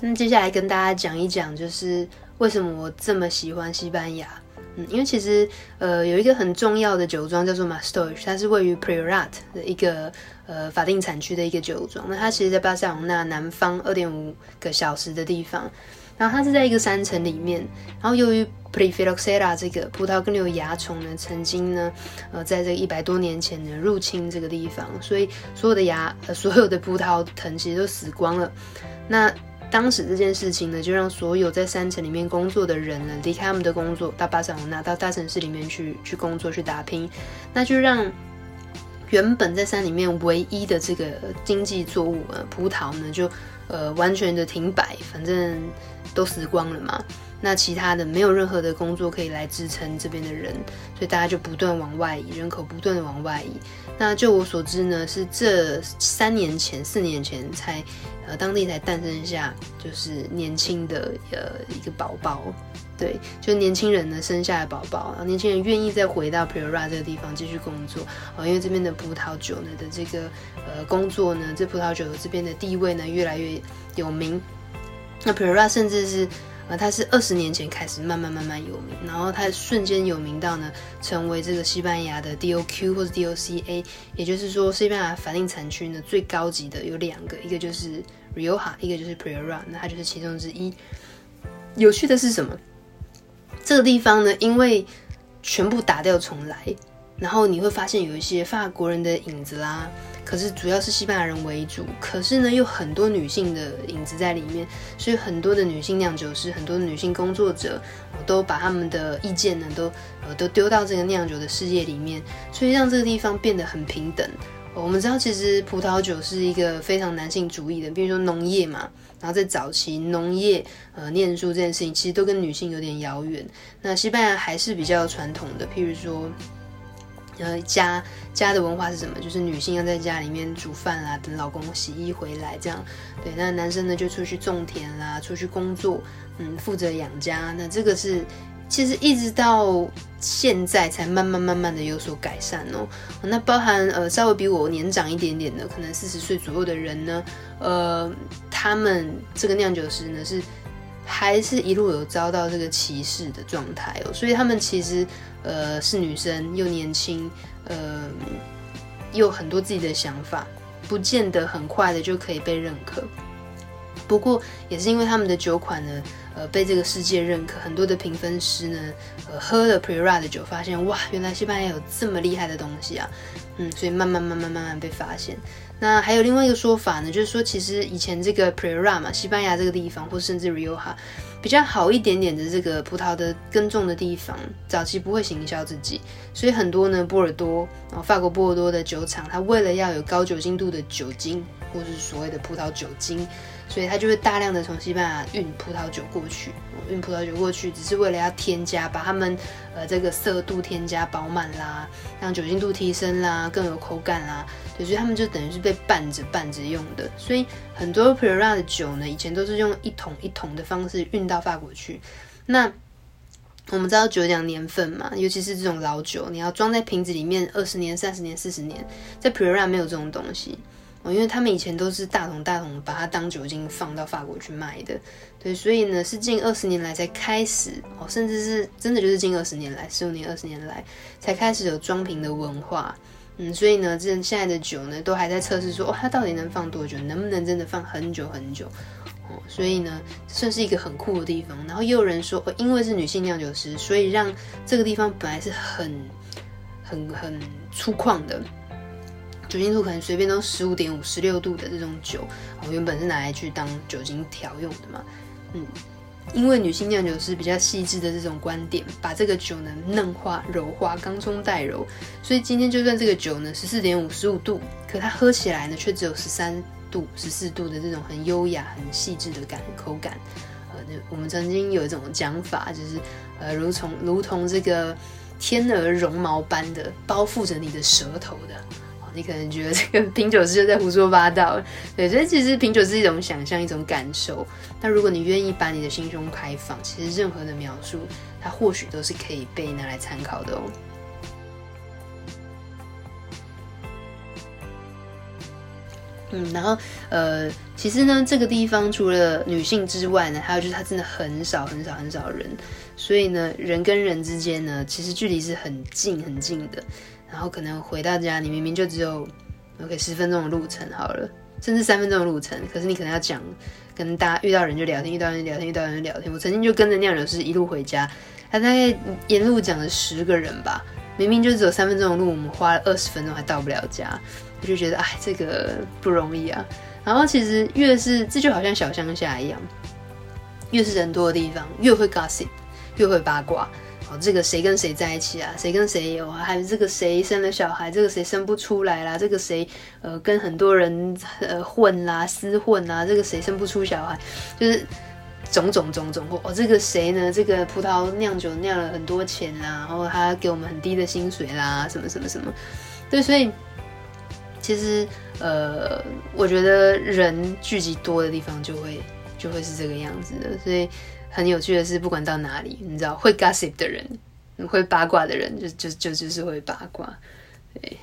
那接下來跟大家講一講，就是為什麼我這麼喜歡西班牙。嗯，因為其實呃有一個很重要的酒莊叫做 Mas Doix 它是位於 Priorat 的一個呃法定產區的一個酒莊。那它其實，在巴塞隆那南方二點五個小時的地方。然後它是在一個山城裡面。然後由於 Phylloxera 這個葡萄根瘤蚜蟲呢，曾經呢呃在這個一百多年前呢入侵這個地方，所以所有的芽呃，所有的葡萄藤其實都死光了。那當時這件事情呢，就讓所有在山城裡面工作的人呢，離開他們的工作，到巴塞羅那到大城市裡面去去工作去打拼。那就讓原本在山裡面唯一的這個經濟作物，呃、葡萄呢，就、呃、完全的停擺，反正都死光了嘛。那其他的沒有任何的工作可以來支撐這邊的人，所以大家就不斷往外移，人口不斷的往外移。那就我所知呢，是這三年前、四年前才呃當地才誕生下就是年輕的呃一個寶寶，對，就年輕人呢生下的寶寶，然後年輕人願意再回到普里奧拉這個地方繼續工作啊、呃，因為這邊的葡萄酒呢的這個呃工作呢，這葡萄酒的這邊的地位呢越來越有名，那普里奧拉甚至是。而它是二十年前開始慢慢慢慢有名，然後它瞬間有名到呢，成為這個西班牙的 DOQ 或者 DOCa，也就是說西班牙法定產區呢最高級的有兩個，一個就是 Rioja，一個就是 Priorat，那它就是其中之一。有趣的是什麼？這個地方呢，因為全部打掉重來。然後你會發現有一些法國人的影子啦，可是主要是西班牙人為主，可是呢有很多女性的影子在裡面，所以很多的女性釀酒師、很多的女性工作者、呃，都把他們的意見呢都呃都丟到這個釀酒的世界裡面，所以讓這個地方變得很平等。呃，我們知道其實葡萄酒是一個非常男性主義的，比如說農業嘛，然後在早期農業呃念書這件事情其實都跟女性有點遙遠。那西班牙還是比較傳統的，譬如說。呃家家的文化是什麼？就是女性要在家裡面煮飯啦，等老公洗衣回來這樣。對，那男生呢就出去種田啦，出去工作，嗯，負責養家。那這個是其實一直到現在才慢慢慢慢的有所改善哦。那包含呃稍微比我年長一點點的，可能四十歲左右的人呢，呃，他們這個釀酒師呢是。還是一路有遭到這個歧視的狀態哦，所以他們其實呃是女生又年輕，呃又很多自己的想法，不見得很快的就可以被認可。不過也是因為他們的酒款呢，呃，被這個世界認可，很多的評分師呢，呃，喝了 Priorat 的酒，發現哇，原來西班牙有這麼厲害的東西啊，嗯，所以慢慢慢慢慢慢被發現。那還有另外一個說法呢，就是說其實以前這個 Priorat 嘛，西班牙這個地方，或甚至 Rioja 比較好一點點的這個葡萄的耕種的地方，早期不會行銷自己，所以很多呢波爾多然後法國波爾多的酒廠，它為了要有高酒精度的酒精，或是所謂的葡萄酒精。所以他就會大量的從西班牙運葡萄酒過去，運葡萄酒過去，只是為了要添加，把他們呃這個色度添加飽滿啦，讓酒精度提升啦，更有口感啦，所以他們就等於是被拌着拌着用的。所以很多 Priorat 的酒呢，以前都是用一桶一桶的方式運到法國去。那我們知道酒講年份嘛，尤其是這種老酒，你要裝在瓶子裡面二十年、三十年、四十年，在 Priorat 沒有這種東西。哦，因為他們以前都是大桶大桶把它當酒精放到法國去賣的，對，所以呢是近二十年來才開始哦，甚至是真的就是近二十年來，十五年、二十年來才開始有裝瓶的文化，嗯，所以呢這現在的酒呢都還在測試說哦它到底能放多久，能不能真的放很久很久，哦，所以呢算是一個很酷的地方。然後又有人說哦，因為是女性釀酒師，所以讓這個地方本來是很很很粗獷的。酒精度可能隨便都十五點五、十六度的這種酒，我、哦、原本是拿來去當酒精調用的嘛。嗯，因為女性釀酒師比較細緻的這種觀點，把這個酒呢嫩化、柔化，剛中帶柔。所以今天就算這個酒呢十四點五、十五度，可它喝起來呢卻只有十三度、十四度的這種很優雅、很細緻的感口感。呃，我們曾經有一種講法，就是呃如同如同這個天鵝絨毛般的包覆着你的舌頭的。你可能覺得這個品酒師就在胡說八道，對，所以其實品酒是一種想象，一種感受。那如果你願意把你的心胸開放，其實任何的描述，它或許都是可以被拿來參考的哦。嗯，然後呃，其實呢，這個地方除了女性之外呢，還有就是它真的很少很少很少人，所以呢，人跟人之間呢，其實距離是很近很近的。然後可能回到家，你明明就只有 OK 十分鐘的路程好了，甚至三分鐘的路程，可是你可能要講跟大家遇到人就聊天，遇到人就聊天，遇到人就聊天。我曾經就跟着釀酒師一路回家，他大概沿路講了十個人吧，明明就只有三分鐘的路，我們花了二十分鐘還到不了家，我就覺得哎，這個不容易啊。然後其實越是這就好像小鄉下一樣，越是人多的地方，越會 gossip，越會八卦。這個誰跟誰在一起啊？誰跟誰有啊？還有這個誰生了小孩？這個誰生不出來啦，這個誰呃跟很多人呃混啦、廝混啦，這個誰生不出小孩？就是種種種種哦，這個誰呢？這個葡萄釀酒釀了很多錢啦，然後他給我們很低的薪水啦，什麼什麼什麼？對，所以其實呃，我覺得人聚集多的地方就會。就會是這個樣子的，所以很有趣的是，不管到哪裡，你知道會 gossip 的人，會八卦的人，就就就就是會八卦，對。